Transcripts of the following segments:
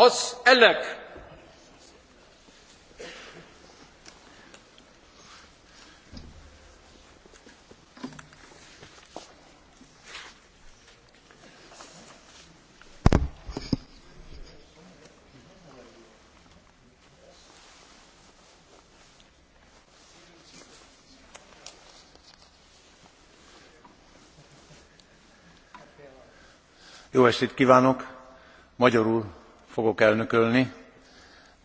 Os elek. Jó estét kívánok! Magyarul fogok elnökölni.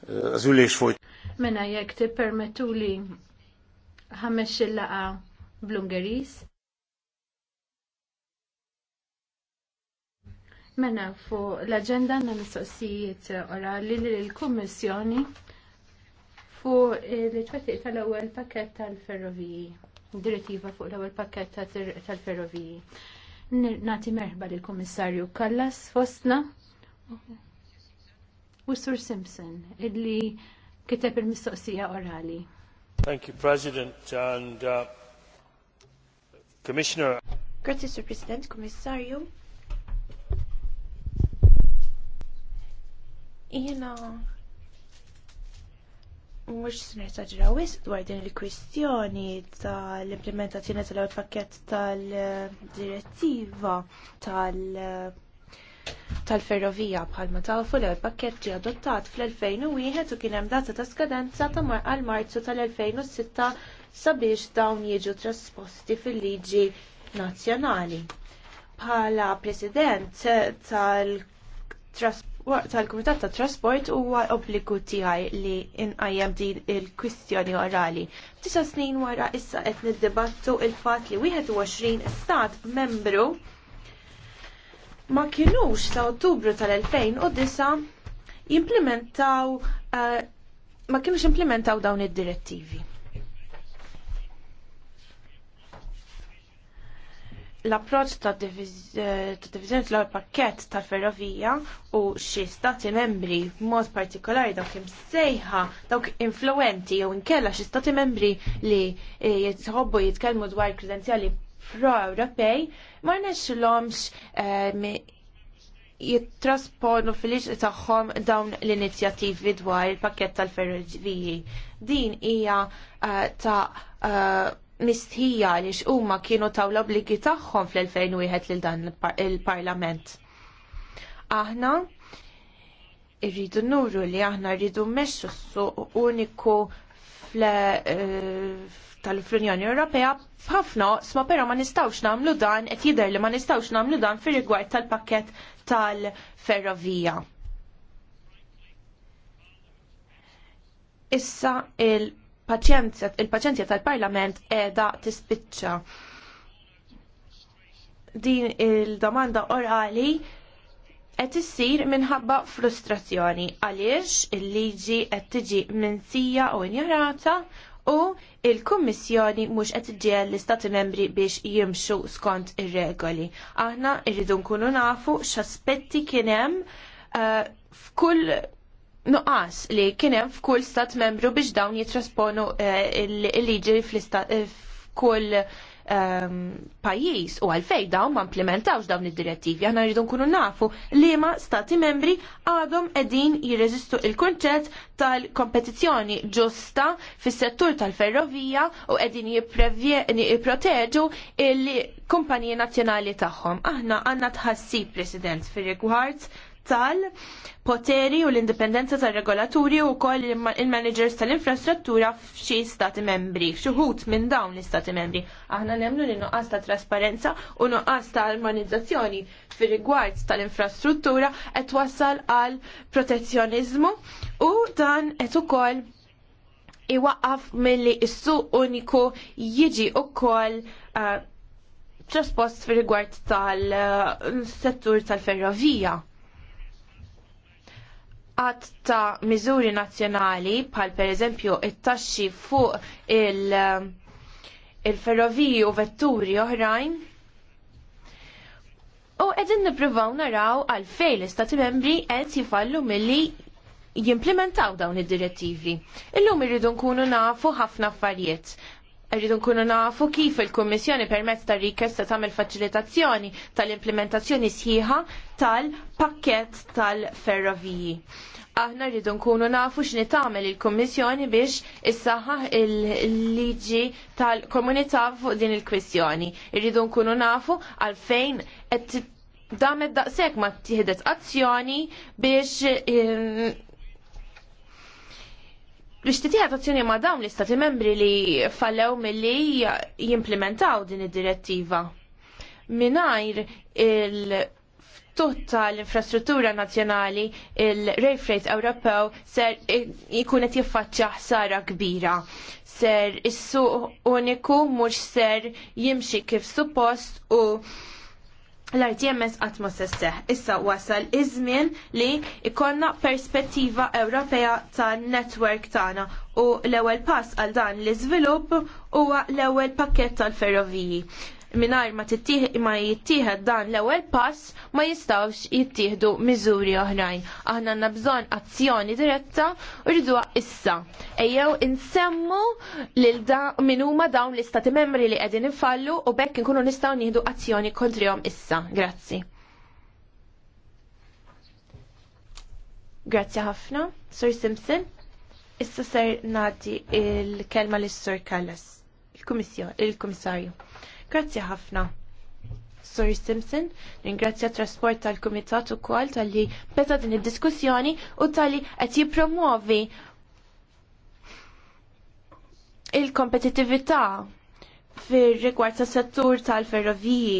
Az ülés folyt. Mena jekk ti permettu li ħames il-laqa bl-Ungeris. Mena fu l-agenda għanna mistoqsijiet orali li l-Kommissjoni fu l-ċwetiq tal-ewwel pakket tal-ferroviji, direttiva fuq l-ewwel pakket tal-ferroviji. Nati merħba lill-Kummissarju Kallas fostna u Sir Simpson illi kiteb il-mistoqsija orali. Thank you, President, and uh, Commissioner. Grazie, Sir President, Commissario. Jena mux s-nertagġra wis dwar din il-kwistjoni tal-implementazzjoni tal-pakket tal-direttiva tal-, -implementazzjoni tal għod tal-ferrovija bħalma tafu l pakkett ġie adottat fl-2001 u kien hemm data ta' skadenza ta' mar għal Marzu tal-2006 sabiex dawn jiġu trasposti fil-liġi nazzjonali. Bħala president tal tal-Kumitat tat Trasport huwa obbligu tiegħi li inqajjem din il-kwistjoni orali. Tisa snin wara issa qed niddibattu il-fatt li 21 stat membru ma kienux ta' ottubru tal-2009 jimplementaw uh, ma kienux implementaw dawn id-direttivi. L-approċ ta' divizjoni eh, tal pakket tal-ferrovija u xi stati membri mod partikolari dawk imsejħa dawk influenti jew inkella xi stati membri li eh, jitħobbu jitkellmu dwar kredenzjali pro-Ewropej ma rnexxilhomx ehm, jittrasponu fil-liġ tagħhom dawn l-inizjattivi dwar il-pakket tal ferroġviji Din hija eh, ta' eh, mistħija li huma kienu taw l-obligi tagħhom fl-2001 lil dan il-Parlament. Aħna irridu nuru li aħna rridu mmexxu s-suq uniku eh, tal-Unjoni Ewropea ħafna sma però ma nistgħux nagħmlu dan qed jidher li ma nistgħux nagħmlu dan fir-rigward tal-pakkett tal-ferrovija. Issa il-paċenzja il paċenzja tal parlament qiegħda tispiċċa. Din il-domanda orali qed issir minħabba frustrazzjoni għaliex il-liġi qed tiġi minsija u injorata u il-Kummissjoni mhux qed ġiel l-Istati membri biex jimxu skont ir-regoli. Aħna rridu nkunu nafu x'aspetti kien hemm uh, f'kull nuqqas li kien hemm f'kull stat membru biex dawn jitrasponu uh, il-liġi fl-istat f'kull um, pajjiż u għalfej dawn ma implementawx dawn id-direttivi. Aħna rridu nkunu nafu li ma stati membri għadhom qegħdin jirreżistu il-kunċett tal-kompetizzjoni ġusta fis-settur tal-ferrovija u qegħdin jipproteġu il-kumpaniji nazzjonali tagħhom. Aħna għandna tħassib, President, fir-rigward tal-poteri u l-indipendenza tal-regolaturi u koll il-managers tal-infrastruttura f'xi stati membri, f'xuħut minn dawn l-istati membri. Aħna nemmnu li nuqqas ta' trasparenza u nuqqas ta' armonizzazzjoni fir rigward tal-infrastruttura qed wassal għal protezzjonizmu u dan qed ukoll iwaqqaf milli s-suq uniku jiġi ukoll uh, traspost fil rigward tal-settur uh, tal-ferrovija għat ta' miżuri nazzjonali bħal per eżempju it-taxxi fuq il-ferroviji il u vetturi oħrajn. U għedin niprivaw naraw għal fej l-istati membri qed jifallu milli jimplementaw dawn id-direttivi. Illum irridu nkunu nafu ħafna affarijiet. Rridu nkunu nafu kif il-Kummissjoni permezz tar rikesta tagħmel faċilitazzjoni tal-implementazzjoni sħiħa tal-pakkett tal-ferroviji. Aħna rridu nkunu nafu x'ni tagħmel il-Kummissjoni biex issaħħaħ il-liġi tal-komunità fuq din il-kwistjoni. Irridu nkunu nafu għalfejn qed damet daqshekk ma tieħdet azzjoni biex eh, biex titiħat azzjoni ma' dawn l-istati membri li fallew mill-li jimplementaw din id-direttiva. Minajr il-ftuħ l infrastruttura nazjonali il-Rail Freight Ewropew ser ikun qed jiffaċċja ħsara kbira. Ser is-suq uniku mhux ser jimxi kif suppost u l-RTMS għatma sesseħ. Issa wasal iż-żmien li ikonna perspettiva Ewropea tan-netwerk tagħna u l-ewwel pass għal dan l-iżvilupp huwa l-ewwel pakkett tal-ferroviji minar ma jittieħed dan l-ewwel pass ma jistawx jittieħdu miżuri oħrajn. Aħna għandna bżonn azzjoni diretta u rriduha issa. Ejjew insemmu lil min huma dawn l-istati membri li qegħdin infallu u bekk inkunu nistgħu nieħdu azzjoni kontrihom issa. Grazzi. Grazzi ħafna, Sir Simpson. Issa ser nagħti il-kelma l-Sur Kallas, il-Kummissarju. Grazzi ħafna. Sorry Simpson, ringrazzja trasport tal-Kumitat u kol tal-li beda din id-diskussjoni u tal-li qed jipromuovi il kompetittività fir rigward tas settur tal-ferroviji.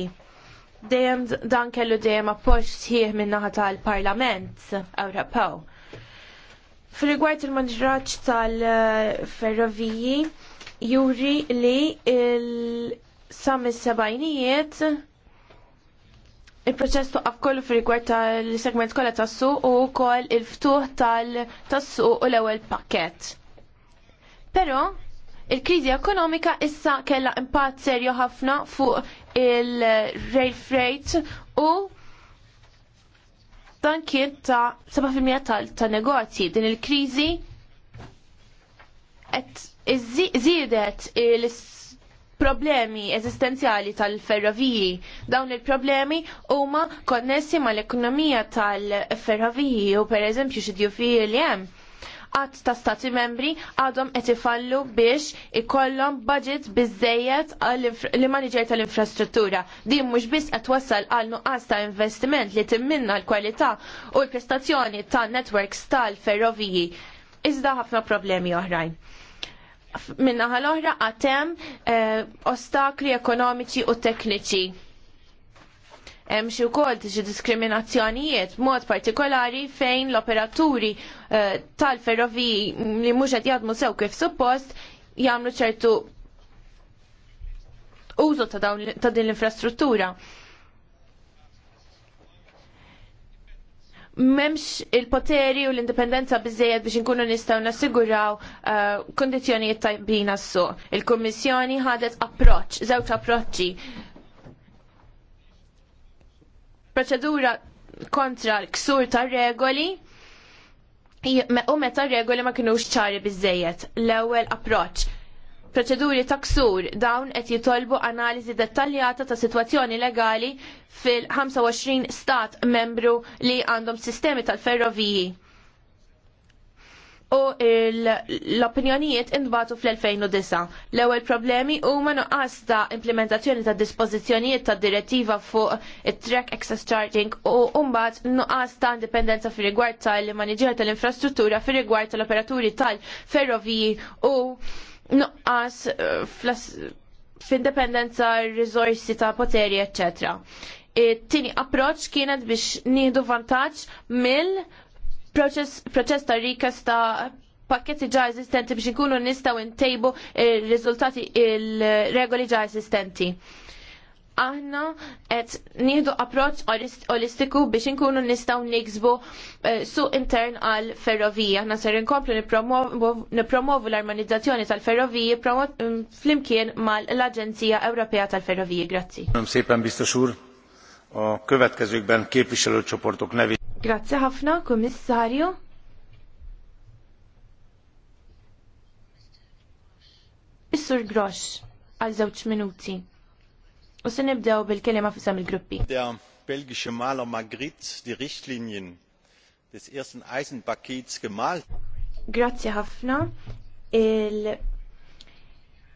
Dejjem dan kellu dejjem appoġġ sħiħ min-naħa tal-Parlament Ewropew. Fir rigward il-manġraġġ tal-ferroviji, juri li il- sa mis-sebajnijiet il-proċess toqqaf kollu fil-rigward tal-segment kollha tas-suq u wkoll il-ftuħ tal tassu u l-ewwel pakket. Però il-kriżi ekonomika issa kellha impatt serju ħafna fuq il-rail freight u dan kien ta' 7% tal-negozji. Din il-kriżi qed iżiedet il-s problemi eżistenzjali tal-ferroviji. Dawn il-problemi huma konnessi mal-ekonomija tal-ferroviji u per eżempju fi li hemm għad ta' stati membri għadhom qed ifallu biex ikollhom budget biżejjed li maniġer tal-infrastruttura. Din mhux biss qed wassal għal nuqqas ta' investiment li timminna l-kwalità u l-prestazzjoni ta' networks tal-ferroviji. Iżda ħafna problemi oħrajn minna l oħra għatem eh, ostakli ekonomiċi u tekniċi. Hemm xi wkoll tiġi diskriminazzjonijiet mod partikolari fejn l-operaturi eh, tal-ferroviji li mhux qed jaħdmu sew kif suppost jagħmlu ċertu użu ta' din l-infrastruttura. memx il-poteri u l-indipendenza bizzejed biex inkunu nistaw nassiguraw uh, jittajbina s su Il-Kommissjoni ħadet approċ, żewġ approċċi. Proċedura kontra l-ksur ta' regoli u meta regoli ma kienu ċari bizzejed. L-ewwel approċ proċeduri ta' ksur dawn qed jitolbu analiżi dettaljata ta' sitwazzjoni legali fil-25 stat membru li għandhom sistemi tal-ferroviji. U l-opinjonijiet intbatu fl-2009. L-ewwel problemi huma nuqqas ta' implementazzjoni ta' dispożizzjonijiet ta' direttiva fuq it-track access charging u mbagħad nuqqas ta' indipendenza fi rigward tal-maniġer tal-infrastruttura fi rigward tal-operaturi tal-ferroviji u nuqqas eh, f'indipendenza r rizorsi ta' poteri, ecc. Tini approċ kienet biex nieħdu vantaġġ mill proċess ta' rikas ta' pakketti ġa eżistenti biex nkunu nistaw intejbu il-riżultati eh, il-regoli ġa eżistenti aħna qed nieħdu approċċ olistiku biex inkunu nistgħu niksbu eh, suq intern għal ferrovija. Aħna ser inkomplu nippromovu l-armonizzazzjoni tal-ferroviji mm, flimkien mal-Aġenzija Ewropea tal-Ferroviji. Grazzi. a következőkben képviselőcsoportok nevét. Grazzi ħafna, kummissarju. Is-sur Grosh għal żewġ minuti. U se nibdew bil-kelima fisam il-gruppi. Der belgische Maler Magritte die Richtlinien des ersten Eisenpakets gemalt. Grazzi ħafna. Il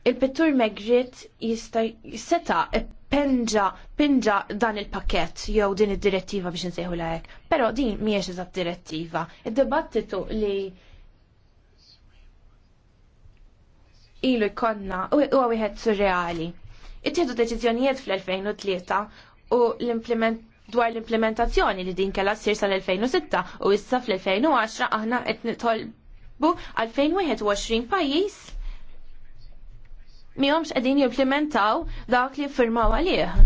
il-pittur Magritte jista' seta penġa pinġa dan il-pakket jew din id-direttiva biex nsejħu lek. Però din mhijiex eżatt direttiva. Id-dibattitu li ilu jkollna huwa wieħed surreali. Ittieħdu deċiżjonijiet fl-2003 u l-implement dwar l-implementazzjoni li din kella ssir sal-2006 u issa fl-2010 aħna qed nitolbu għal 2021 pajjiż miħomx qegħdin jimplementaw dak li firmaw għalih.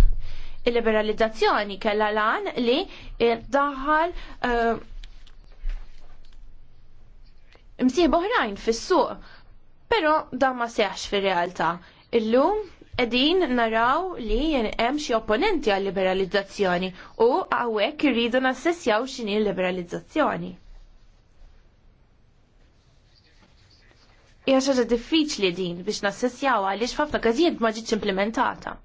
Il-liberalizzazzjoni kella lan li daħal eh, msieħ oħrajn fis-suq, però dan ma seħx fir-realtà. Illum edin naraw li hemm xi opponenti għal liberalizzazzjoni u hawnhekk irridu nassessjaw x'inhi liberalizzazzjoni. Hija xaġa diffiċli din biex nassessjaw għaliex ħafna każijiet ma ġietx implementata.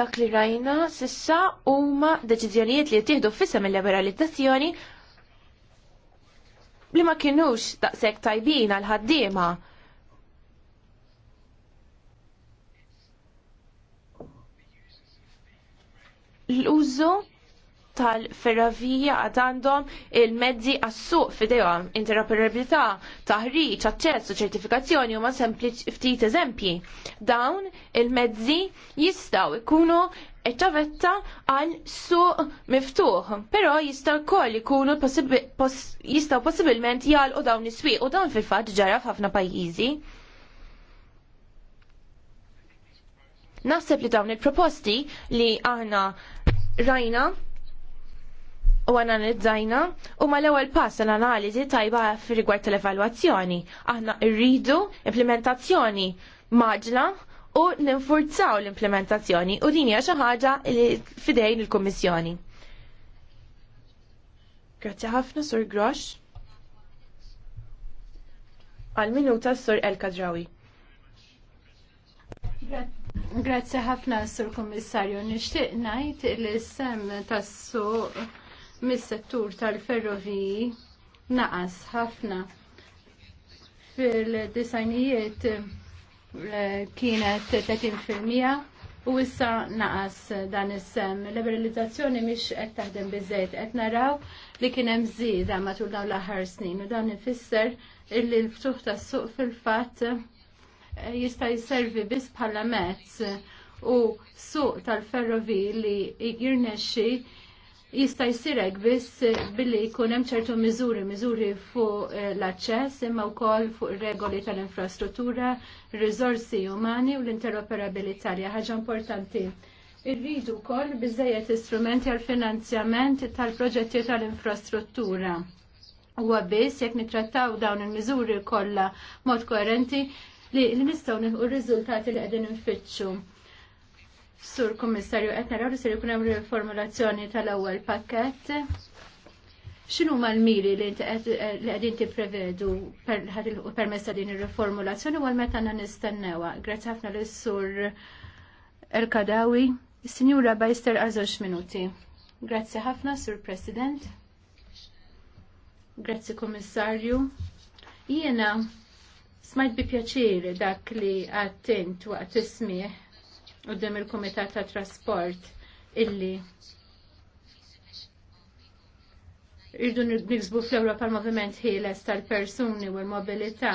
Dak li rajna sissa huma deċiżjonijiet li jittieħdu f'isem il-liberalizzazzjoni li ma kienux daqshekk tajbin għal ħaddiema. L-użu tal-ferrovija għad għandhom il-mezzi għas-suq fidejhom, interoperabilità, taħriġ, aċċess u ċertifikazzjoni huma sempliċi ftit eżempji. Dawn il-mezzi jistgħu jkunu ċavetta għal suq miftuħ, però jistaw koll jkunu jistaw possibilment jgħal u dawn is-swieq u dawn fil-fatt ġara f'ħafna pajjiżi. Naħseb li dawn il-proposti li aħna rajna u nizzajna u ma l-ewwel pass l-analiżi tajba f rigward tal-evalwazzjoni. Aħna rridu implementazzjoni maġla u ninfurzaw l-implementazzjoni u din hija xi ħaġa li fidejn il-Kummissjoni. Grazzi ħafna Sur Grosh. Għal minuta Sur El Kadrawi. Grazzi ħafna Sur Kommissarju, nixtieq ngħid li sem tas-suq mis-settur tal-ferroviji naqas ħafna fil-disajnijiet eh, kienet 30% u issa naqas dan is-sem. Liberalizzazzjoni mhix qed taħdem biżejt qed naraw li kien hemm żieda matul dawn l-aħħar snin u dan ifisser illi l-ftuħ tas-suq fil-fatt eh, jista' jservi biss bħala mezz u suq tal-ferrovi li jirnexxi jista' jsirek biss billi jkun hemm ċertu miżuri, miżuri fuq eh, l-aċċess imma wkoll fuq regoli tal-infrastruttura, riżorsi umani u l-interoperabilità li ħaġa importanti. Irridu wkoll biżejjed istrumenti għal finanzjament tal-proġetti tal-infrastruttura. Huwa biss jekk nittrattaw dawn il-miżuri kollha mod koerenti li nistgħu nieħu r-riżultati li qegħdin infittxu. Sur Kommissarju, qed naraw li se jkun hemm riformulazzjoni tal-ewwel pakkett. X'inhu ma l-miri li qegħdin tipprevedu permessa din ir-riformulazzjoni wal meta għandna nistennewha. Grazzi ħafna lis sur El-Kadawi. Sinjura Bajster għażox minuti. Grazzi ħafna, Sur President. Grazzi Kommissarju. Jiena smajt bi pjaċir dak li għattint waqt ismieħ qudiem il-Kumitat ta' Trasport illi irdu niksbu fl-Ewropa l-moviment ħieles tal-persuni u l-mobilità.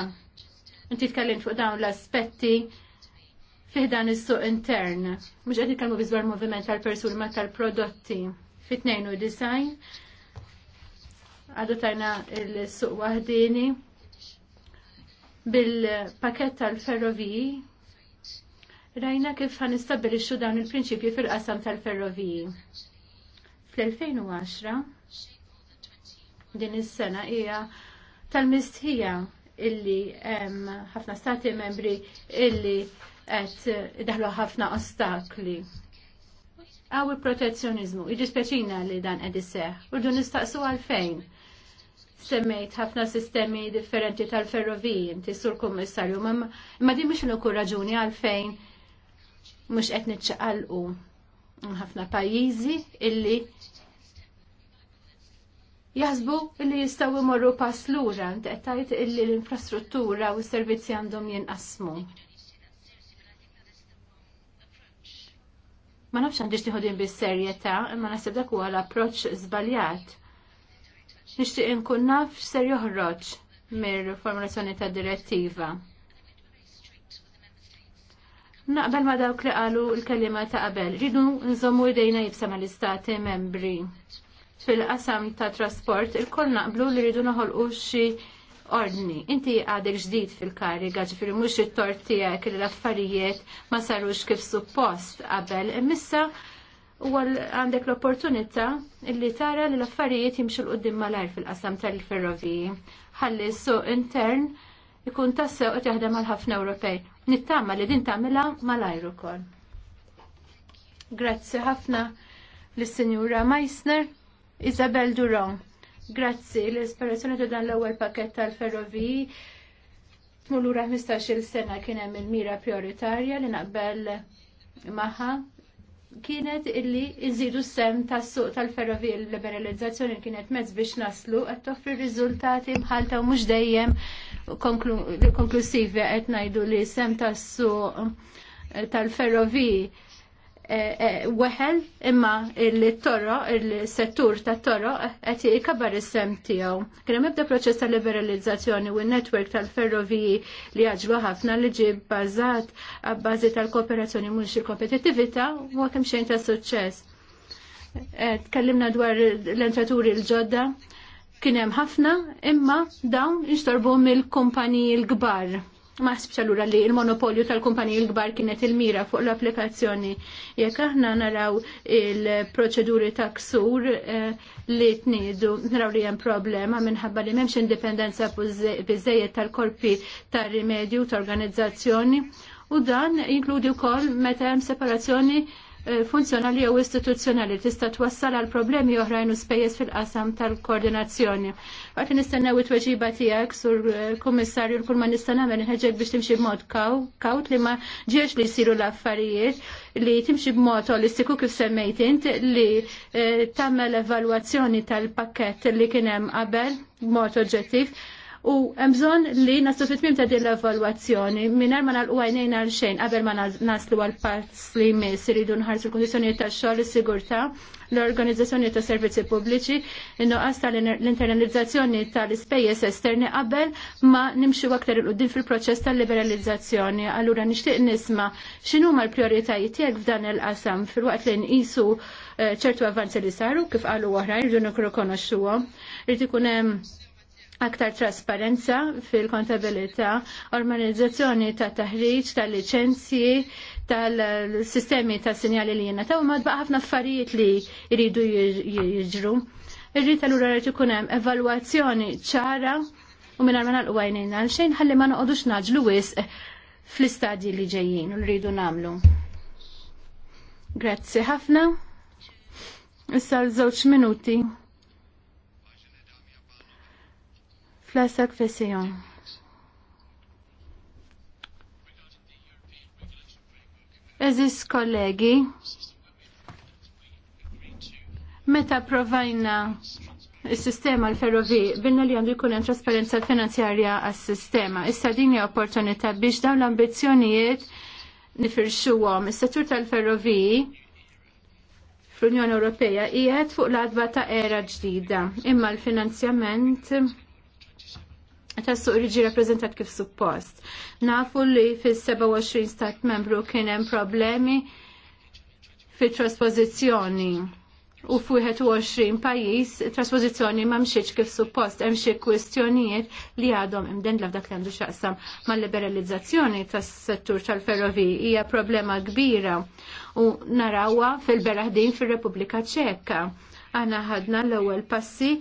Inti tkellim fuq dawn l-aspetti fiħdan is-suq intern. Mhux qed nitkellmu biżwar moviment tal-persuni ma tal-prodotti. Fit-tnejn u design adottajna l-suq waħdini bil-pakett tal-ferroviji Rajna kif ħan istabilixxu dawn il prinċipju fil-qasam tal-ferroviji. Fl-2010 din is-sena hija tal-mistħija illi hemm ħafna stati membri illi qed daħlu ħafna ostakli. Għaw il-protezzjonizmu, iġispeċina li dan qed isseħ, urdu nistaqsu għalfejn semmejt ħafna sistemi differenti tal-ferroviji, inti sur kummissarju, ma di mux raġuni għalfejn mhux qed niċċaqalqu ħafna pajjiżi illi jaħsbu illi jistgħu jmorru pass lura qed tgħid illi l-infrastruttura u s-servizzi għandhom jinqasmu. Ma nafx għandix tiħodin bis-serjetà, imma naħseb dak huwa l-approċċ żbaljat. Nixtieq inkun naf ser joħroġ mir-formulazzjoni tad direttiva. Naqbel ma dawk li qalu l-kelima ta' qabel, ridu nżommu idejna jibsa mal istati membri. Fil-qasam ta' trasport, il-koll naqblu li ridu noħolqu xi ordni. Inti għadek ġdid fil-kariga, fil mux it tortijek l-affarijiet ma sarux kif suppost qabel. Missa u għandek l-opportunità li tara li l-affarijiet jimxu l-qoddim malar fil-qasam tal-ferroviji. Ħalli su intern ikun tassew qed jaħdem għal ħafna Ewropej. Nittama li din tagħmilha malajr ukoll. Grazzi ħafna lis-Sinjura Meissner, Isabel Duron. Grazzi l-ispirazzjoni ta' dan l-ewwel pakett tal-ferroviji tmur lura 15-il sena kien hemm il-mira prioritarja li naqbel magħha kienet illi s sem tas-suq tal-ferrovi l-liberalizzazzjoni kienet mezz biex naslu qed toffri riżultati bħalta u mhux dejjem konklusivi qed ngħidu li s sem tas-suq eh, tal-ferrovi Eh, eh, weħel imma il-torro, il-settur ta' torro eh, qed ikabbar is-sem tiegħu. Kien hemm ebda proċess ta' liberalizzazzjoni u n-netwerk tal-ferroviji li jaġlu ħafna li ġie bbażat bbażi tal-kooperazzjoni mhux il-kompetittività u kemm xejn ta' suċċess. Tkellimna dwar l-entraturi l-ġodda kien hemm ħafna imma dawn iġtorbu mill-kumpaniji l-kbar Ma sibx allura li il-monopolju tal-kumpaniji l-kbar kienet il-mira fuq l-applikazzjoni. Jekk aħna naraw il-proċeduri ta' ksur eh, li tnidu, naraw li hemm problema minħabba li m'hemmx indipendenza biżejjed tal-korpi tar-rimedju ta' organizzazzjoni u dan jinkludi wkoll meta hemm separazzjoni Eh, funzjonali jew istituzzjonali tista' twassal għal problemi oħrajn u spejjeż fil-qasam tal-koordinazzjoni. Waqt nistennew it-tweġiba tiegħek sur eh, kummissarju l-kull ma nista' nagħmel inħeġġek biex timxi b'mod kawt li ma ġiex li jsiru l-affarijiet li timxi b'mod holistiku kif semmejt int li eh, tagħmel evalwazzjoni tal-pakkett li kien hemm qabel b'mod oġġettiv u mżon li nasu fit ta' din l-evalwazzjoni mingħajr ma nagħlqu għajnejn għal xejn qabel ma naslu għal parts li miss iridu nħarsu l-kondizzjonijiet tax-xogħol is-sigurtà l-organizzazzjoni ta' servizzi pubbliċi għasta tal-internalizzazzjoni tal-ispejjeż esterni qabel ma nimxu aktar il-qudiem fil-proċess tal-liberalizzazzjoni. Allura nixtieq nisma x'inhu ma l-prijoritajiet tiegħek f'dan il-qasam filwaqt li nqisu eh, ċertu avanzi li saru kif qalu oħra irridu nikkonoxxuhom. Irid ikun hemm aktar trasparenza fil-kontabilità, organizzazzjoni ta' taħriġ, ta' licenzji, tal-sistemi ta' sinjali li jenna ta' u madba ħafna affarijiet li jridu jiġru. Irrid allura rrid ikun hemm evalwazzjoni ċara u minn ma nagħlqu għajnejn għal xejn ħalli ma noqogħdux naġlu wisq fl-istadji li ġejjin u rridu nagħmlu. Grazzi ħafna. Issa l-żewġ minuti Flasek fissijom. Eżis kollegi, meta provajna il-sistema l-ferrovi, bilna li għandu jkun hemm trasparenza finanzjarja għas-sistema. Issa din hija opportunità biex dawn l-ambizzjonijiet nifirxuhom. Is-settur tal ferrovi fl-Unjoni Ewropea qiegħed fuq l-adba ta' era ġdida, imma l-finanzjament ta' suq riġi rappresentat kif suppost. Nafu li fil-27 stat membru kien hemm problemi fit traspożizzjoni u f'21 pajjiż traspożizzjoni ma mxieċ kif suppost hemm xi kwistjonijiet li għadhom imden dak li għandu x'aqsam mal-liberalizzazzjoni tas-settur tal-ferroviji hija problema kbira u narawha fil-beraħdin fir-Repubblika Ċeka. Aħna ħadna l-ewwel passi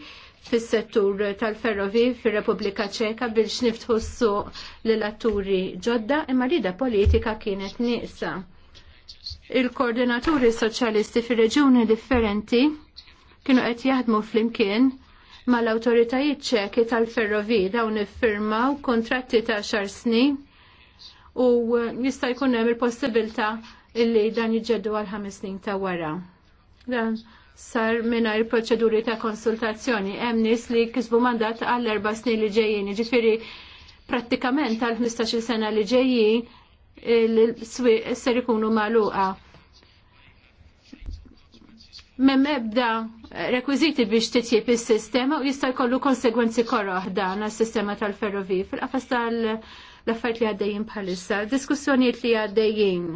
fis-settur tal-ferrovi fir-Repubblika Ċeka biex niftħu s-suq lil atturi ġodda imma rida politika kienet nieqsa. Il-koordinaturi soċjalisti fir-reġjuni differenti kienu qed jaħdmu flimkien mal-awtoritajiet ċeki tal-ferrovi dawn iffirmaw kontratti ta' xar snin u jista' jkun hemm il-possibilità illi dan jiġġeddu għal ħames snin ta' wara. Dan sar minna il-proċeduri ta' konsultazzjoni. Hemm nies li kisbu mandat għall erba snin li ġejjin, jiġifieri prattikament għal 15 sena li ġejjin il-swieq ser ikunu magħluqa. Mem ebda rekwiziti biex titjib is-sistema u jista' jkollu konsegwenzi korroħ dan għas-sistema tal-ferrovi fil-qafas tal-affarijiet li għaddejjin bħalissa, diskussjonijiet li għaddejjin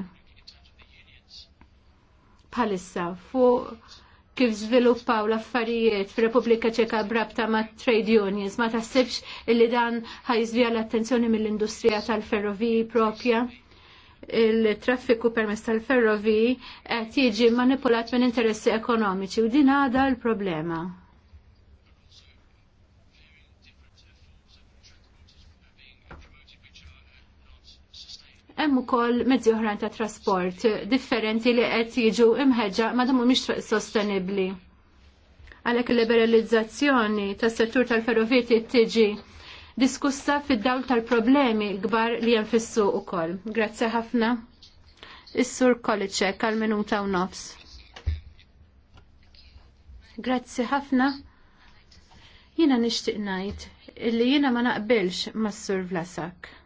bħalissa fuq kif żviluppaw l-affarijiet fir-Repubblika Ċeka brabta ma' trade unions, ma taħsibx illi dan ħajżvija l-attenzjoni mill-industrija tal-ferroviji propja? il-traffiku permess tal-ferrovi qed jiġi manipulat minn interessi ekonomiċi u din għada l-problema. Hemm ukoll mezzi oħrajn ta' trasport differenti li qed jiġu imħeġġa ma mhumiex sostenibbli. Għalhekk il-liberalizzazzjoni tas-settur tal-ferroviti tiġi diskussa fid-dawl tal-problemi kbar li hemm fis-suq ukoll. Grazzi ħafna. Is-Sur Kolicek għal minuta u nofs. Grazzi ħafna. Jiena nixtieq ngħid illi jiena ma naqbilx mas-Sur Vlasak.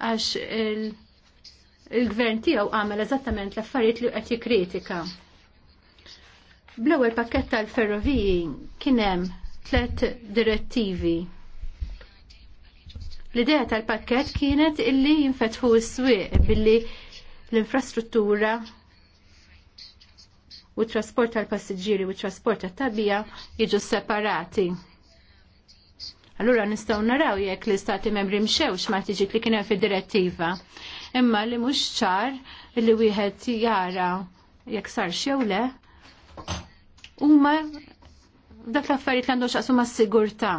għax il-gvern tiegħu għamel eżattament l-affarijiet li qed jikkritika. Bl-ewwel pakkett tal-ferroviji kien hemm tliet direttivi. L-idea tal-pakkett kienet illi jinfetħu s-swieq billi l-infrastruttura u trasport tal-passiġġieri u trasport tal tabija jiġu separati. Allura nistgħu naraw jekk l-istati membri mxewx ma tiġik li kien hemm fid-direttiva. Imma li mhux ċar li wieħed jara jekk sar xew le huma dak l-affarijiet li għandu x'aqsu mas-sigurtà.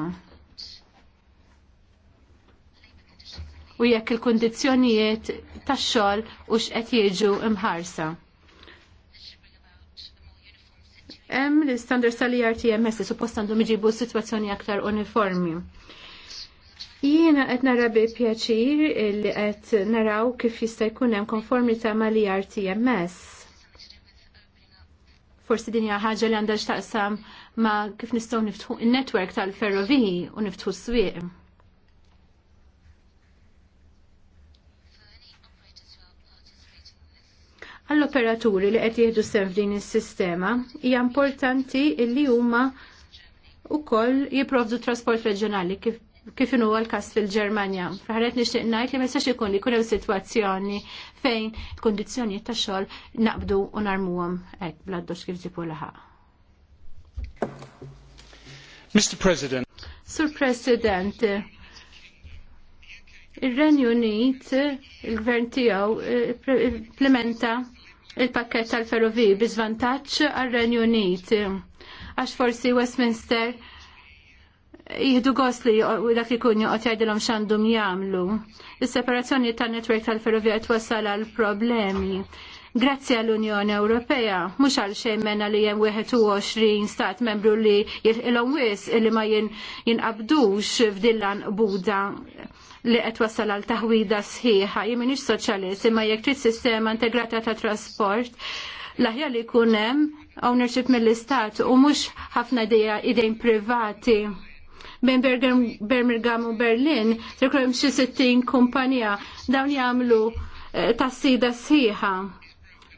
U jekk il-kundizzjonijiet tax-xogħol u x'qed jiġu imħarsa. Hemm l standard tal-IRTMS li suppost għandhom iġibu situazzjoni aktar uniformi. Jiena qed nara bi pjaċir li qed naraw kif jista' jkun hemm konformità mal-IRTMS forsi din hija ħaġa li għandha x'taqsam ma' kif nistgħu niftħu in netwerk tal-ferroviji u niftħu s-swieq. Għall-operaturi li qed jieħdu sem f'din is-sistema hija importanti li huma wkoll jipprovdu trasport reġjonali kif kif inhu l-każ fil-Ġermanja. Fraħret nixtieq ngħid li ma jistax ikun li jkun hemm sitwazzjoni fejn kundizzjonijiet tax-xogħol naqbdu u narmuhom hekk bladdox kif ġibu laħaq. Mr. President. Sur President, ir-Renju Unit, il-Gvern tiegħu eh, implementa il il-pakket tal-ferrovi bizvantaċ għal-Renju Unit. Għax forsi Westminster jihdu gost li dak li kun joqgħod jgħidilhom x'għandhom jagħmlu. Is-separazzjoni tan-netwerk tal-ferrovija wassal għal problemi. Grazzi għall-Unjoni Ewropea, mhux għal xejn mena li hemm 21 stat membru li jilħilhom wis li ma jinqabdux f'dillan buda li qed wassal għal taħwida sħiħa. Jien m'iniex soċjalist, imma jekk trid sistema integrata ta' trasport, l-aħjar li jkun hemm ownership mill-istat u mhux ħafna idea idejn privati. Bejn Birmingham u Berlin, sekolom xi 60 kumpanija dawn jagħmlu eh, tassida sħiħa.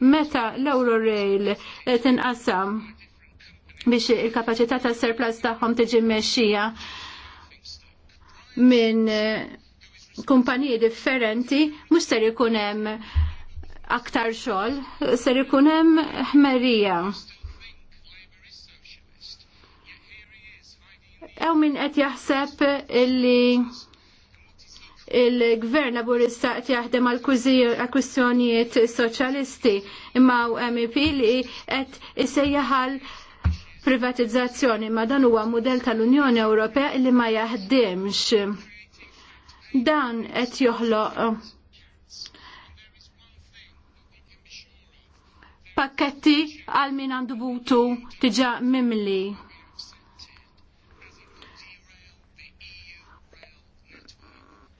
Meta l-Eurorail eh, tinqasam biex il-kapacità ta' surplus tagħhom tiġi mmexxija minn eh, kumpaniji differenti mhux ser ikunem hemm aktar xogħol, ser ikun hemm ħmerija. Ew min qed jaħseb illi il-gvern laburista qed jaħdem għal kwistjonijiet soċjalisti imma hemm MEP li qed isejjaħal privatizzazzjoni ma dan huwa mudell tal-Unjoni Ewropea li ma jaħdimx Dan qed joħloq uh, pakketti għal min għandu butu tiġa mimli.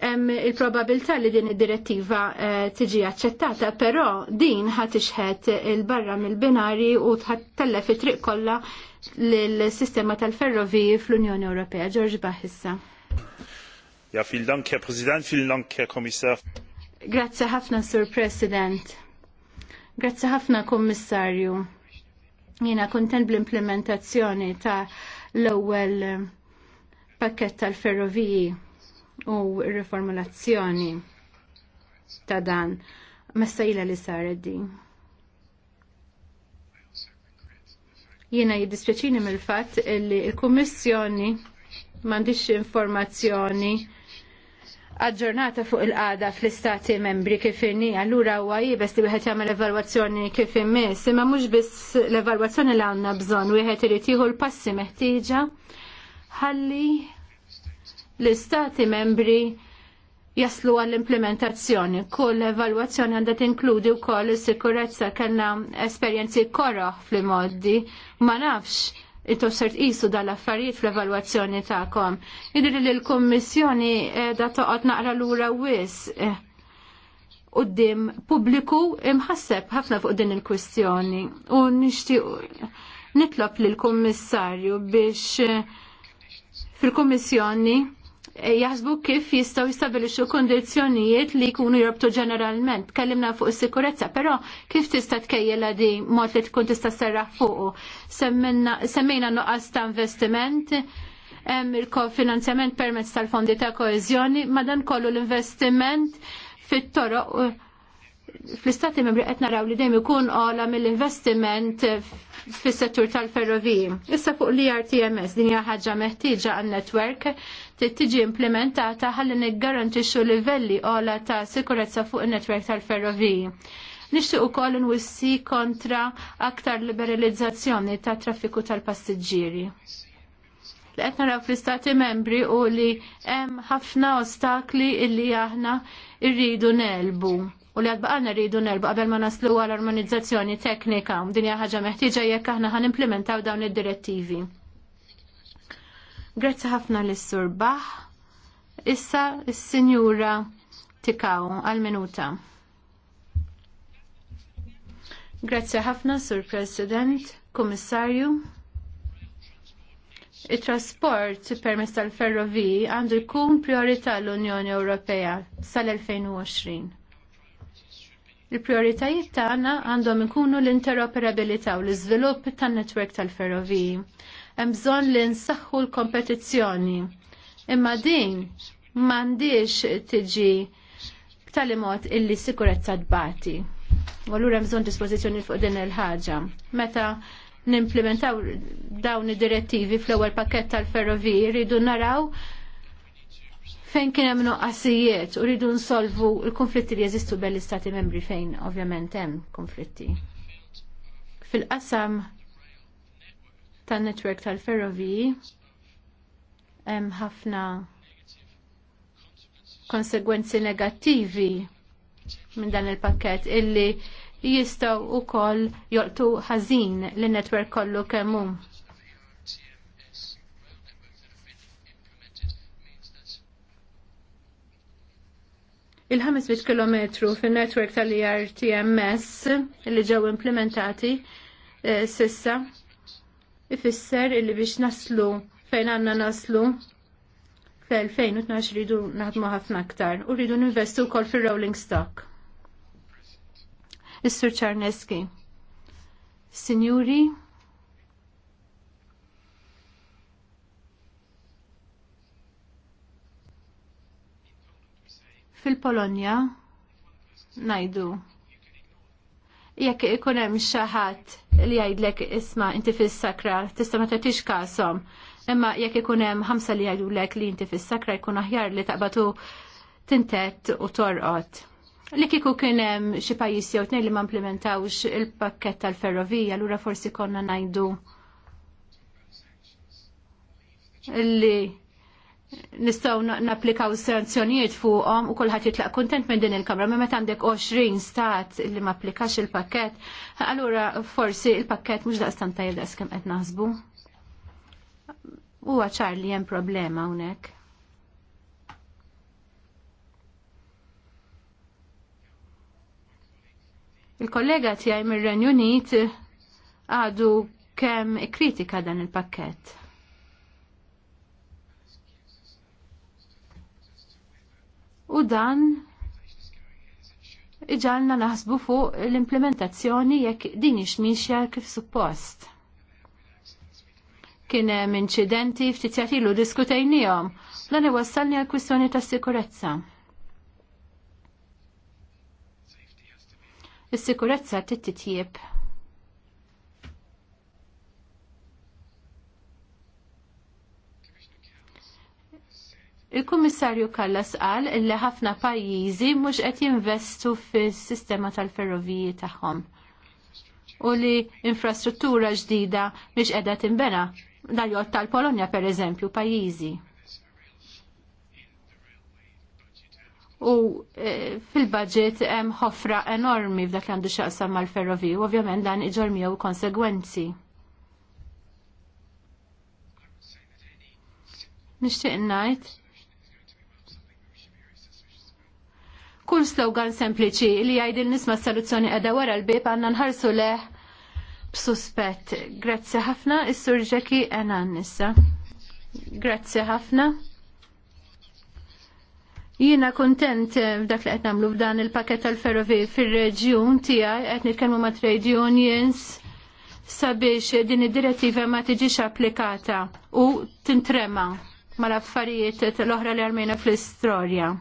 hemm il-probabilità li din id-direttiva eh, tiġi aċċettata, però din ħat ixħed il-barra mill-binari u tħattellef it-triq kollha lill-sistema tal-ferroviji fl-Unjoni Ewropea. George Bahissa. Ja, vielen Dank, Herr Präsident, vielen Dank, Herr Kommissar. Grazie ħafna, Sur President. Grazie ħafna, Kommissarju. Jena kontent bl-implementazzjoni ta' l-ewwel eh, pakket tal-ferroviji u riformulazzjoni ta' dan. ila li saret din. Jiena jiddispjaċini mill fatt li l kummissjoni m'għandix informazzjoni aġġornata fuq il-qada fl-istati membri kif inni, allura huwa jibes li wieħed jagħmel evalwazzjoni kif immiss, imma mhux biss l-evalwazzjoni li għandna bżonn wieħed irid jieħu l-passi meħtieġa ħalli l-istati membri jaslu għall-implementazzjoni. Kull evalwazzjoni għandha tinkludi wkoll is-sikurezza kellna esperjenzi korra fl-modi. Ma nafx intu sert qisu dal-affarijiet fl-evalwazzjoni tagħkom. Idri li l-Kummissjoni da toqgħod naqra lura wis eh, qudiem pubbliku imħasseb ħafna fuq din il-kwistjoni u nixtieq nitlob lill-Kummissarju biex eh, fil-Kummissjoni jaħsbu kif jistaw jistabilixu kondizjonijiet li jkunu jirabtu ġeneralment. Kellimna fuq is-sikurezza, però kif tista' tkejjela di mod li tkun tista' serraħ fuqu. Semmejna nuqqas ta' investiment, hemm il-kofinanzjament permezz tal-fondi ta' koeżjoni, madan kollu l-investiment fit-toroq fl-istati membri qed naraw li dejjem ikun ola mill-investiment fis-settur tal-ferroviji. Issa fuq li RTMS din hija ħaġa meħtieġa għan-netwerk tiġi implementata ħalli niggarantixxu livelli ola ta' sikurezza fuq in-netwerk tal-ferroviji. Nixtieq ukoll inwissi kontra aktar liberalizzazzjoni ta' traffiku tal-passiġġieri li qed naraw fl-istati membri u li hemm ħafna ostakli illi aħna rridu nelbu u li għadbaqana rridu nerba qabel ma naslu għal armonizzazzjoni teknika u dinja ħaġa meħtieġa jekk aħna ħan implementaw dawn id-direttivi. Grazzi ħafna l-Sur Baħ. Issa s-Sinjura Tikaw għal-minuta. Grazzi ħafna, Sur President, Kummissarju. Il-trasport permess tal ferrovi għandu jkun priorità l-Unjoni Ewropea sal-2020 Il-prioritajiet tagħna għandhom ikunu l-interoperabilità u l-iżvilupp tan-netwerk tal-ferroviji. Hemm bżonn li nsaħħu l-kompetizzjoni. Imma din m'għandix tiġi b'tali mod illi sikurezza tbati. U allura hemm bżonn dispożizzjoni fuq din il-ħaġa. Meta nimplementaw dawn id-direttivi fl-ewwel pakett tal-ferroviji rridu naraw fejn kien hemm noqqasijiet u rridu nsolvu l-konflitti li jeżistu belli istati membri fejn ovvjament hemm konflitti. Fil-qasam tan netwerk tal-ferroviji hemm ħafna konsegwenzi negattivi minn dan il-pakket illi jistgħu wkoll joqtu ħażin lin netwerk kollu kemm hu Il-500 km fil-network tal-IRTMS li ġew implementati eh, sissa ifisser illi biex naslu fejn għanna naslu fl-2012 rridu naħdmu ħafna aktar u rridu ninvestu wkoll fir-rolling stock. Is-Sur Czarneski. Signori, Fil-Polonja najdu jekk ikun hemm xi ħadd li jgħidlek isma' inti fis-sakra tista' ma tagħtix kasom. Imma jekk ikun hemm ħamsa li jgħidulek li inti fis-sakra jkun aħjar li taqbatu tintet u torqod. Li kieku kien hemm xi pajjiż jew tnejn li ma implementawx il-pakkett tal-ferrovija, lura forsi konna ngħidu li nistaw naplikaw sanzjonijiet fuqhom u kulħadd jitlaq kuntent minn din il-kamra, ma meta għandek 20 stat li ma applikax il-pakket, allura forsi il-pakket mhux daqstan tajjeb daqs kemm qed naħsbu. Huwa ċar li hemm problema hawnhekk. Il-kollega tiegħi mir-Renju Unit għadu kemm kritika dan il-pakket. u dan iġalna naħsbu fuq l-implementazzjoni jekk din miexja kif suppost. Kien hemm inċidenti ftit ilu diskutejnihom dan iwassalni għal kwistjoni ta' sikurezza. Is-sikurezza trid titjieb. Il-Kummissarju Kallas qal li ħafna pajjiżi mhux qed jinvestu fis-sistema tal-ferroviji tagħhom u li infrastruttura ġdida mhix qiegħda tinbena dal-jot tal-Polonja pereżempju pajjiżi. U e, fil-budget hemm ħofra enormi f'dak li għandu xaqsam mal ferroviji ovvjament dan iġor miegħu konsegwenzi. Nixtieq ngħid kull slogan sempliċi li jgħidil nisma soluzzjoni għada wara l-bib għanna nħarsu leħ b'suspett. Grazzi ħafna, is-sur ġeki għana nissa. Grazzi ħafna. Jiena kontent f'dak li qed nagħmlu f'dan il-pakket tal-ferrovi fir-reġjun tiegħi qed nitkellmu ma' trade unions sabiex din id-direttiva ma tiġix applikata u tintrema mal-affarijiet l-oħra li għalmejna fl-istorja.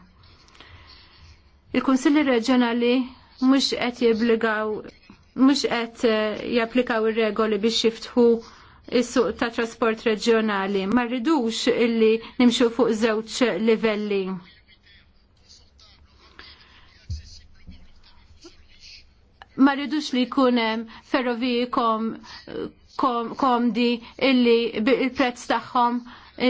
Il-Kunsilli Reġjonali mhux qed jibbligaw mhux qed eh, japplikaw ir-regoli biex jiftħu is-suq ta' trasport reġjonali. Ma rridux illi nimxu fuq żewġ livelli. Ma rridux li jkun hemm ferroviji kom, kom, komdi illi il-prezz tagħhom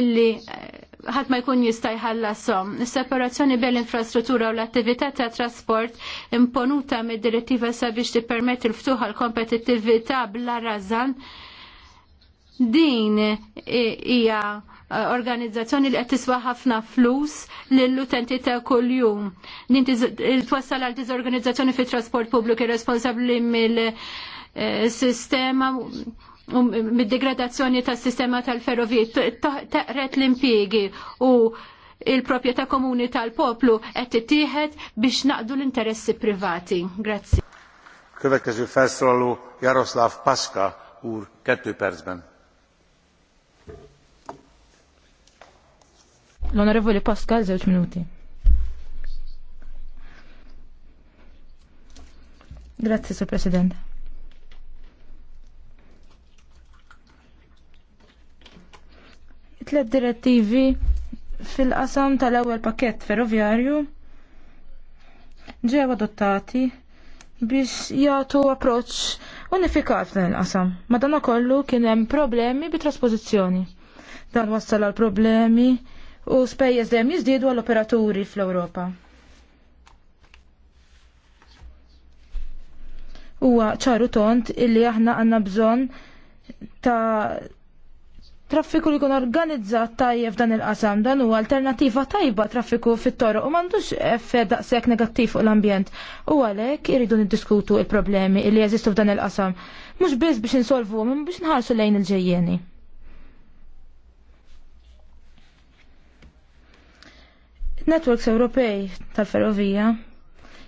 illi eh, ħadd ma jkun jista' jħallasom. Is-separazzjoni bejn l-infrastruttura u l-attività ta' trasport imponuta mid-direttiva sabiex tippermetti l-ftuħa l-kompetittività bla rażan din hija e, organizzazzjoni li qed tiswa ħafna flus lill-utenti ta' kuljum. Din twassal għal diżorganizzazzjoni fit trasport pubbliku responsabbli mill-sistema e, mid-degradazzjoni tas sistema tal-ferrovijiet taqret l impiegi u il-proprjetà komuni tal-poplu qed tittieħed biex naqdu l-interessi privati. Grazzi. Következő felszólaló Jaroszláv Paska úr, kettő percben. L-Onorevoli Pascal, zewċ minuti. Grazie, Sir Presidente. Tlet direttivi fil-qasam tal-ewwel pakett ferroviarju ġew adottati biex jagħtu approċċ unifikat f'dan il-qasam. Madanakollu kien hemm problemi bi trasposizzjoni. Dan wassal għal problemi u spejjeż dejjem jiżdiedu għall operaturi fl-Ewropa. Huwa ċaru tont illi aħna għandna bżonn ta' traffiku li jkun organizzat tajjeb dan il-qasam dan huwa alternattiva tajba traffiku fit toru u m'għandux effett daqshekk negattiv fuq l-ambjent. U għalhekk iridu niddiskutu il-problemi li jeżistu f'dan il-qasam. Mhux biss biex insolvu minn biex nħarsu lejn il-ġejjeni. Networks Ewropej tal-ferrovija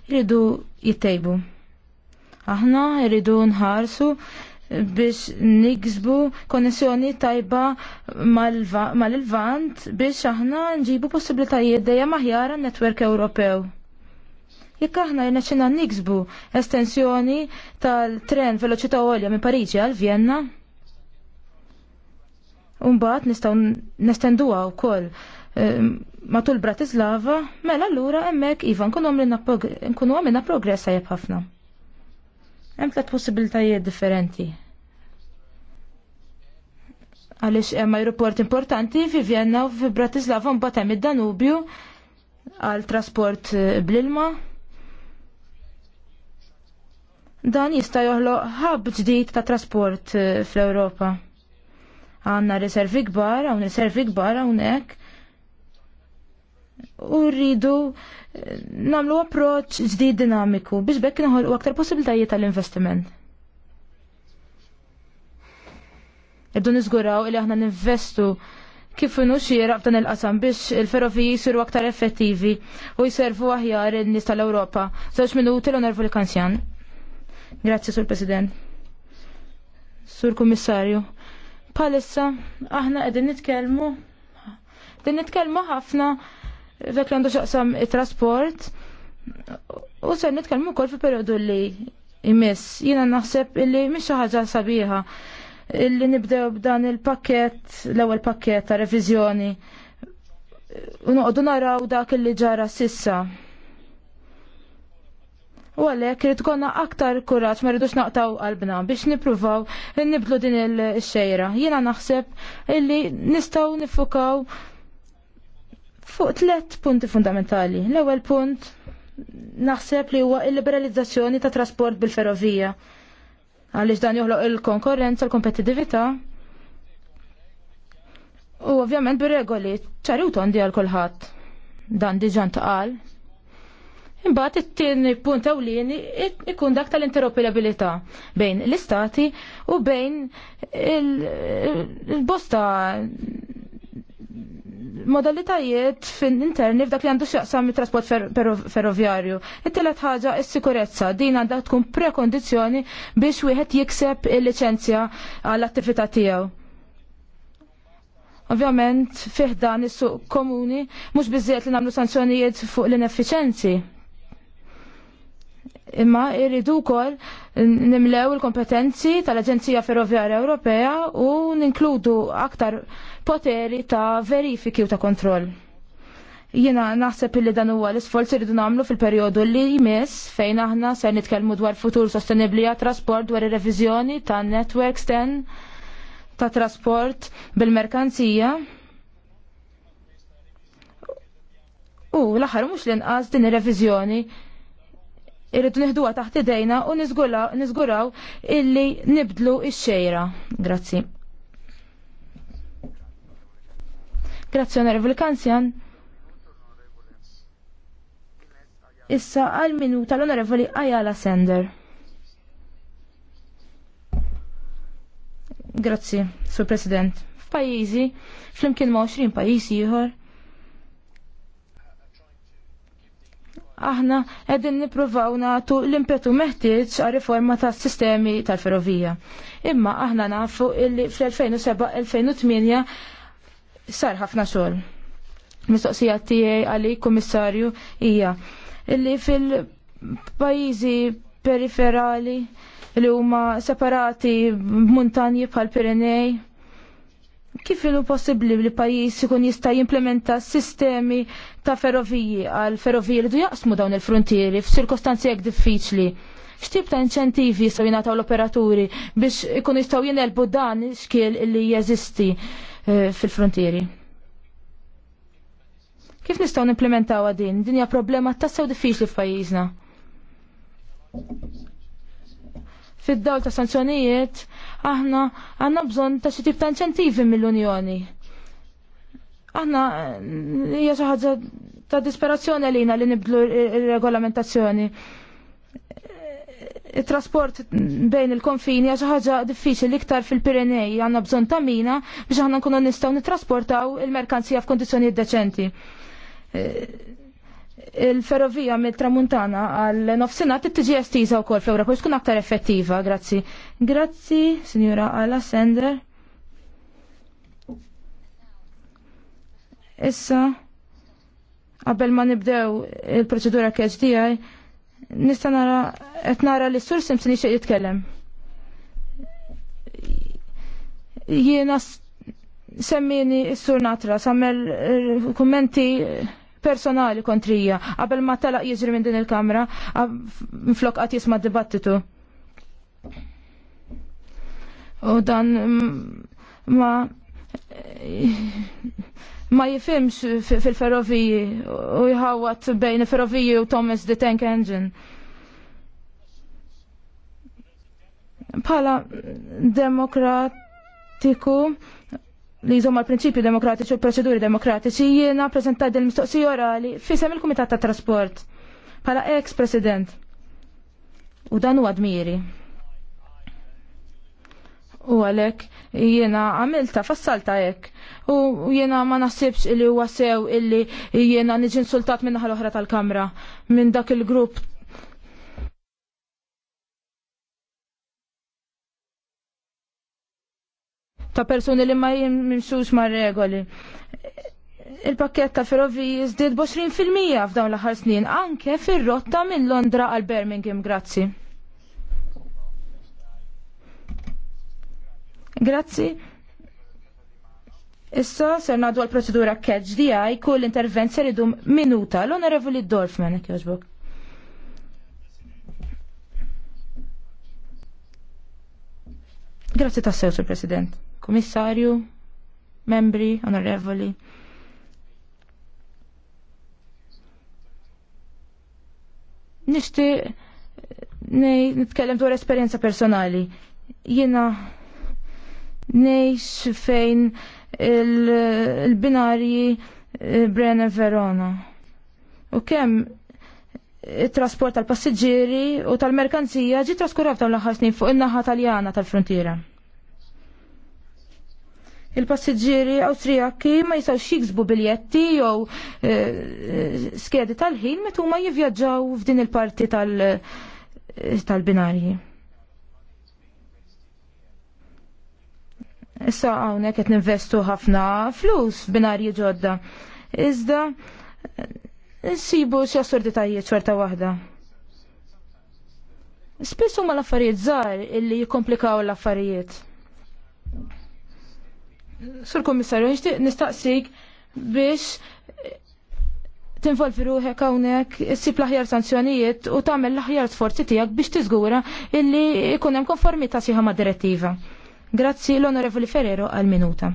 iridu jittejbu. Aħna iridu nħarsu biex niksbu konnessjoni tajba mal vant biex aħna nġibu possibilitajiet dejjem aħjar netwerk Ewropew. Jekk aħna jnaċina niksbu estensjoni tal-tren veloċità għolja minn Pariġi għal Vienna, Umbat nistaw nestenduha wkoll eh, matul Bratislava, mela allura hemmhekk iva nkunu għamilna progress ħafna. Hemm tliet possibilitajiet differenti. Għaliex hemm ajruport importanti fi Vienna u fi Bratislava mbagħad hemm id-Danubju għal trasport eh, bl-ilma. Dan jista' joħloq ħab ġdid ta' trasport eh, fl-Ewropa. Għandna riservi kbar, hawn riservi kbar hawnhekk u rridu eh, namlu approċ ġdid dinamiku biex bekk u aktar possibiltajiet tal-investiment. Irdu niżguraw li aħna ninvestu kif inu xieraq dan il-qasam biex il-ferroviji jisiru aktar effettivi u jiservu aħjar in-nies tal-Ewropa. Żewġ minuti l-onorfu li kanzjan. Grazzi, Sur President. Sur Kummissarju. Palissa, aħna qegħdin nitkellmu. Din nitkellmu ħafna dak li għandu xaqsam it-trasport u se nitkellmu wkoll fi perjodu li jmiss. Jiena naħseb illi mhix xi ħaġa sabiħa illi nibdew b'dan il-pakket, l-ewwel pakket ta' reviżjoni u noqogħdu naraw dak illi ġara sissa. U għalek rrit konna aktar kuraċ, ma rridux naqtaw qalbna biex nipruvaw nibdlu din il-xejra. Jina naħseb illi nistaw nifukaw fuq tlet punti fundamentali. L-ewwel punt naħseb li huwa il-liberalizzazzjoni ta' trasport bil-ferrovija. Għaliex dan joħloq il-konkurrenza, l-kompetitività u ovvjament bir-regoli ċari u tondi għal kulħadd. Dan diġan taqal. Imbagħad it-tieni punt ewlieni ikun dak tal-interoperabilità bejn l-istati u bejn il-bosta il modalitajiet fin interni f'dak li għandu xaqsam mit trasport ferroviarju. It-telet ħaġa is-sikurezza. Din għandha tkun prekondizzjoni biex wieħed jikseb il-liċenzja għall-attività tiegħu. Ovvjament, fih dan is-suq komuni mhux biżżejjed li nagħmlu sanzjonijiet fuq l-ineffiċenzi. Imma irridu wkoll nimlew il-kompetenzi tal-Aġenzija Ferroviarja Ewropea u ninkludu aktar poteri ta' verifiki u ta' kontroll. Jiena naħseb illi dan huwa l-isforz irridu nagħmlu fil-perjodu li jmiss fejn aħna se nitkellmu dwar futur sostenibbli għat trasport dwar ir-reviżjoni ta' networks ten ta' trasport bil-merkanzija. U l-aħħar mhux l-inqas din ir-reviżjoni irridu nieħduha taħt idejna u niżguraw illi nibdlu x-xejra. Grazzi. Grazzi onorevoli Kanzjan. Issa għal minuta l-onorevoli Ayala Sender. Grazzi, Sur President. F'pajjiżi, flimkien ma' 20 pajjiż ieħor, aħna qegħdin nippruvaw nagħtu l-impetu meħtieġ għal riforma tas-sistemi tal-ferrovija. Imma aħna nafu illi fl-2007-2008 sar ħafna xogħol. Mistoqsija tiegħi għalik kummissarju hija illi fil-pajjiżi periferali li huma separati b'muntanji bħal Pirenej. Kif ilu possibbli li pajjiż ikun jista' jimplementa sistemi ta' ferroviji għal ferroviji li du jaqsmu dawn il-frontieri f'sirkostanzi hekk diffiċli? X'tip ta' inċentivi jistgħu jingħataw l-operaturi biex ikunu jistgħu jinelbu dan xkiel li jeżisti Eh, fil-frontieri. Kif nistgħu nimplementaw din? Din hija problema tassew diffiċli f'pajjiżna. Fid-dawl ta' sanzjonijiet aħna għandna bżonn ta' xi tip ta' inċentivi mill-Unjoni. Aħna eh, hija xi ħaġa ta' disperazzjoni għalina li nibdlu r regolamentazzjoni it-trasport bejn il-konfini għax ħaġa diffiċli iktar fil-Pirenej għandna bżonn ta' mina biex aħna nkunu nistgħu nittrasportaw il-merkanzija f'kondizzjonijiet deċenti. E, il-ferrovija mit-Tramuntana għal nofsinat tittiġi estiża wkoll fl-Ewropa biex tkun aktar effettiva, grazzi. Grazzi, Sinjura Alla Sender. Issa, qabel ma nibdew il-proċedura KHDI, Nista' nara qed nara li Sur Simpson jixtieq jitkellem. Jiena semmini s-sur Natra, sammel eh, kummenti personali kontrija, qabel ma talaq jiġri minn din il-kamra, mflok qatt jisma' dibattitu. U dan mm, ma ma jifimx fil-ferroviji u jħawat bejn ferroviji u Thomas the Tank Engine. Pala demokratiku li jżomma l-prinċipju demokratiċi u proċeduri demokratiċi jiena prezentaj il mistoqsija orali fisem il-Kumitat ta' Trasport pala ex-president u dan u admiri u għalek jena għamilta, fassalta jek. U jena ma nasibx illi huwa sew illi jena niġi insultat minna naħal oħra tal-kamra minn dak il-grupp. Ta' persuni li ma jimxux ma' regoli. Il-pakket ta' ferroviji zdid 20% f'dawn l-aħħar snin, anke fir-rotta minn Londra għal Birmingham, grazzi. Grazzi. Issa ser nadu għal procedura catch di għaj kull intervent ser idum minuta. L-Onorevoli Dorfman, jogħġbok. Grazie tassew, Sur President. Komissarju, membri, onorevoli. Nishti eh, nitkellem dwar esperjenza personali. Jiena nejx fejn il-binarji eh, Brenna Verona. U kemm it-trasport tal-passiġġieri u tal-merkanzija ġi traskurat dawn l-aħħar snin fuq in-naħa Taljana tal-frontiera. Il-passiġġieri Awstrijaki ma jistgħux jiksbu biljetti jew eh, skedi tal-ħin meta huma jivvjaġġaw f'din il-parti eh, tal-binarji. tal binarji Issa hawnhekk qed ninvestu ħafna flus binarji ġodda. Iżda eh, nsibu xi assurditajiet ċerta waħda. Spiss huma l-affarijiet żgħar illi jikkomplikaw l-affarijiet. Sur Kummissarju, nistaqsik biex eh, tinvolvi ruħek hawnhekk, issib l-aħjar sanzjonijiet u tagħmel l-aħjar sforzi tiegħek biex tiżgura illi jkun hemm konformità sieħa mad direttiva. Grazzi l-Onorevoli Ferrero għal minuta.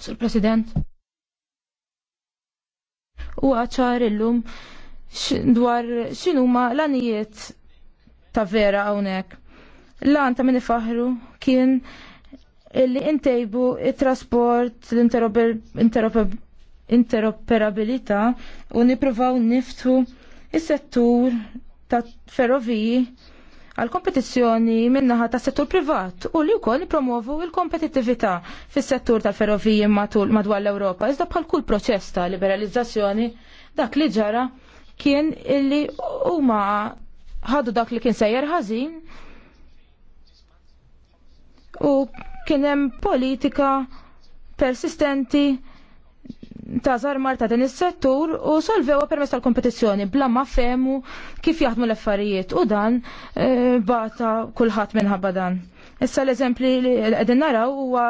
Sur President. U għacħar illum dwar xinuma l-anijiet ta' vera għonek. L-għan ta' minni faħru kien illi intejbu il-trasport, l-interoperabilita u niprofaw niftu il-settur ta' ferroviji għal kompetizzjoni minnaħa ta' settur privat u li wkoll nipromovu il-kompetittività fis-settur tal-ferroviji matul madwar l-Ewropa. Iżda bħal kull proċess ta' liberalizzazzjoni dak li ġara kien illi huma ħadu dak li kien sejjer ħażin u kien hemm politika persistenti ta' zar ta' din is-settur u solvew permezz tal-kompetizzjoni bla ma femu kif jaħdmu l-affarijiet u dan e, bata kulħadd minħabba dan. Issa l-eżempli li qegħdin naraw huwa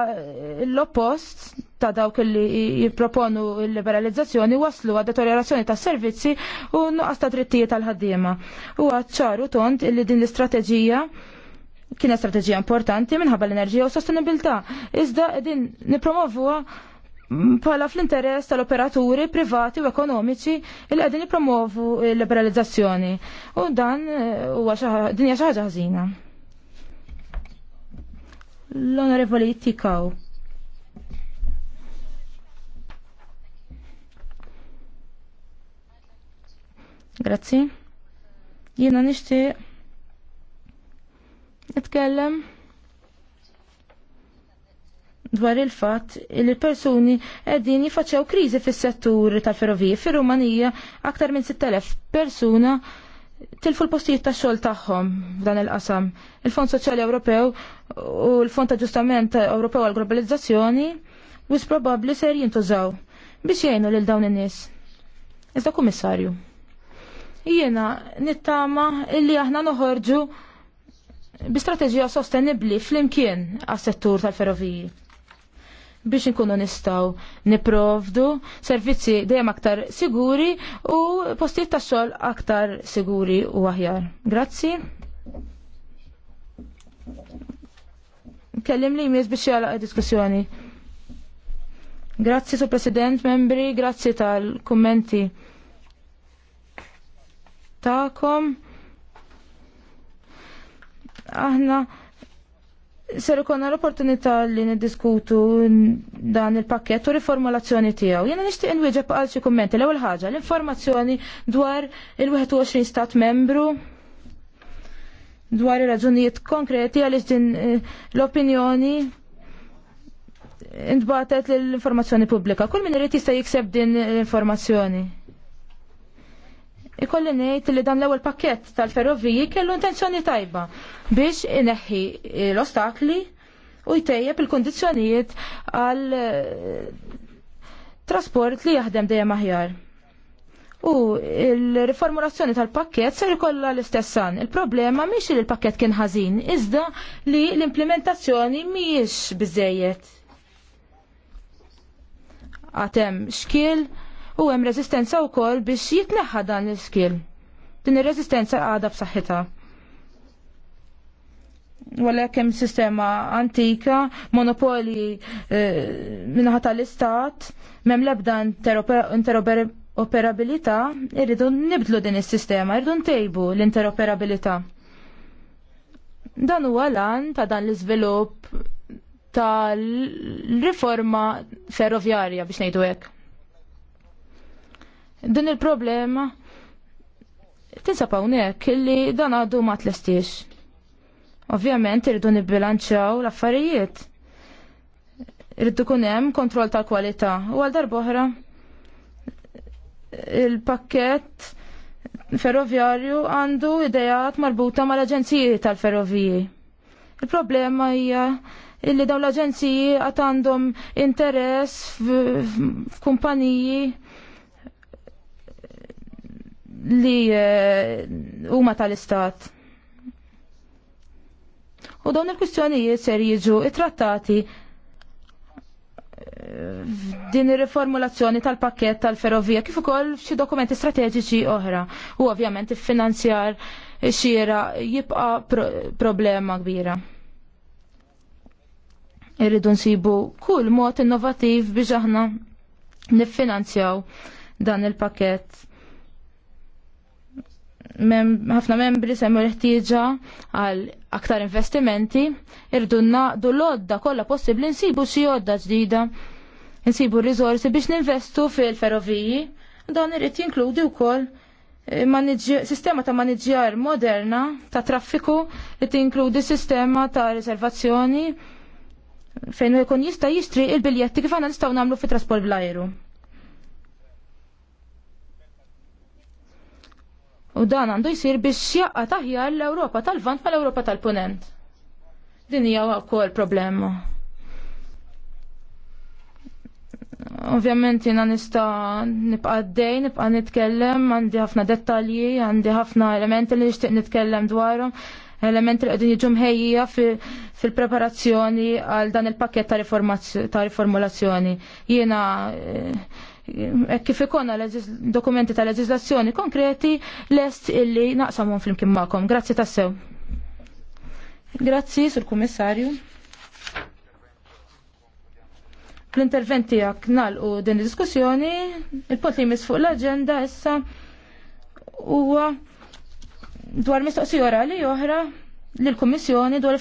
l-oppost ta' dawk li jipproponu l-liberalizzazzjoni waslu għad deteriorazzjoni ta' servizzi u nuqqas ta' drittijiet tal-ħaddiema. Huwa ċaru tont li din l-istrateġija kienet strateġija importanti minħabba l-enerġija u sostenibilità. Iżda qegħdin nipromovuha pala fl-interess tal-operaturi privati u ekonomiċi li qegħdin jipromovu l-liberalizzazzjoni. U dan eh, huwa din hija xi ħaġa ħażina. L-Onorevoli Tikaw. Grazzi. Jiena nixtieq nitkellem dwar il-fatt li persuni qegħdin jifaċċew kriżi fis-settur tal-ferroviji. Fir-Rumanija aktar minn 6000 persuna tilfu l-postijiet ta' xogħol tagħhom f'dan il-qasam. Il-Fond Soċjali Ewropew u l-Fond ta' Ġustament Ewropew għal Globalizzazzjoni wis probabbli ser jintużaw biex jgħinu lil dawn in-nies. Iżda kummissarju. Jiena nittama illi aħna noħorġu bi strateġija sostenibli fl-imkien għas-settur tal-ferroviji biex inkunu nistaw niprovdu servizzi dejjem aktar siguri u postijiet ta' xogħol aktar siguri u aħjar. Grazzi. Kellim li jmiss biex jgħalaq diskussjoni. Grazzi, Sur President, membri, grazzi tal-kummenti ta'kom. Aħna ser ikonna l-opportunità li niddiskutu dan il-pakket u riformulazzjoni tiegħu. Jiena nixtieq inwieġeb għal xi kummenti l-ewwel ħaġa l-informazzjoni dwar il-21 stat membru dwar ir-raġunijiet konkreti għaliex din eh, l-opinjoni intbatet l-informazzjoni pubblika. Kull min irid jista' jikseb din l-informazzjoni ikolli ngħid li dan l-ewwel pakkett tal-ferroviji kellu intenzjoni tajba biex ineħħi l-ostakli u jtejjeb il kondizjonijiet għal eh, trasport li jaħdem dejjem aħjar. U il-riformulazzjoni tal-pakket ser ikollha l-istessan. Il-problema mhix li l-pakket kien ħażin, iżda li l-implementazzjoni miex biżejjed. Għatem xkil u hemm reżistenza wkoll biex jitneħħa dan l-iskil. Din ir-reżistenza għadha b'saħħitha. Wala kemm sistema antika, monopoli minħa eh, minnaħa tal-istat, mem lebda interoperabilità, irridu nibdlu din is-sistema, irridu ntejbu l-interoperabilità. Dan huwa lan ta' dan l-iżvilupp tal-riforma ferroviarja biex ngħidu hekk. Din il-problema tinsab hawnhekk illi dan għadu ma tlestix. Ovvjament irridu nibbilanċaw l-affarijiet. Irridu kun hemm kontroll tal-kwalità u għal darb'oħra il-pakket ferroviarju għandu idejat marbuta mal-aġenziji tal-ferroviji. Il-problema hija illi dawn l-aġenziji għat għandhom interess f'kumpaniji li eh, huma tal-istat. U dawn il-kwistjonijiet ser jiġu it-trattati eh, din ir-riformulazzjoni tal-pakket tal-ferrovija kif ukoll f'xi dokumenti strateġiċi oħra. U ovvjament iffinanzjar xiera jibqa' pro problema kbira. Irridu nsibu kull mod innovattiv biex aħna niffinanzjaw dan il-pakket ħafna membri semmu l-ħtieġa għal aktar investimenti, irdu naqdu l-odda kollha possibbli nsibu xi odda ġdida, nsibu r-rizorsi biex ninvestu fil-ferroviji, dan irid jinkludi wkoll eh, sistema ta' maniġjar moderna ta' traffiku li tinkludi sistema ta' riservazzjoni fejn jkun jista' jistri il-biljetti kif għandna nistgħu nagħmlu fit-trasport bl-ajru. U dan għandu jisir biex jaqqa taħjar l-Ewropa tal-Vant ma l-Ewropa tal-Punent. Din hija wkoll problema. Ovvjament jina nista' nibqa' dej, nibqa' nitkellem, għandi ħafna dettalji, għandi ħafna elementi li nixtieq nitkellem dwarhom, elementi li qegħdin jiġu mħejjija fil-preparazzjoni għal dan il-pakket ta' riformulazzjoni. Jiena eh, Eh, kif ikonna dokumenti ta' leġislazzjoni konkreti lest illi naqsamhom flimkien magħkom. Grazzi tassew. Grazzi sur kummissarju. fl għak tiegħek u din id-diskussjoni, il-punt li jmiss fuq l agenda issa huwa dwar mistoqsija orali oħra lill-Kummissjoni dwar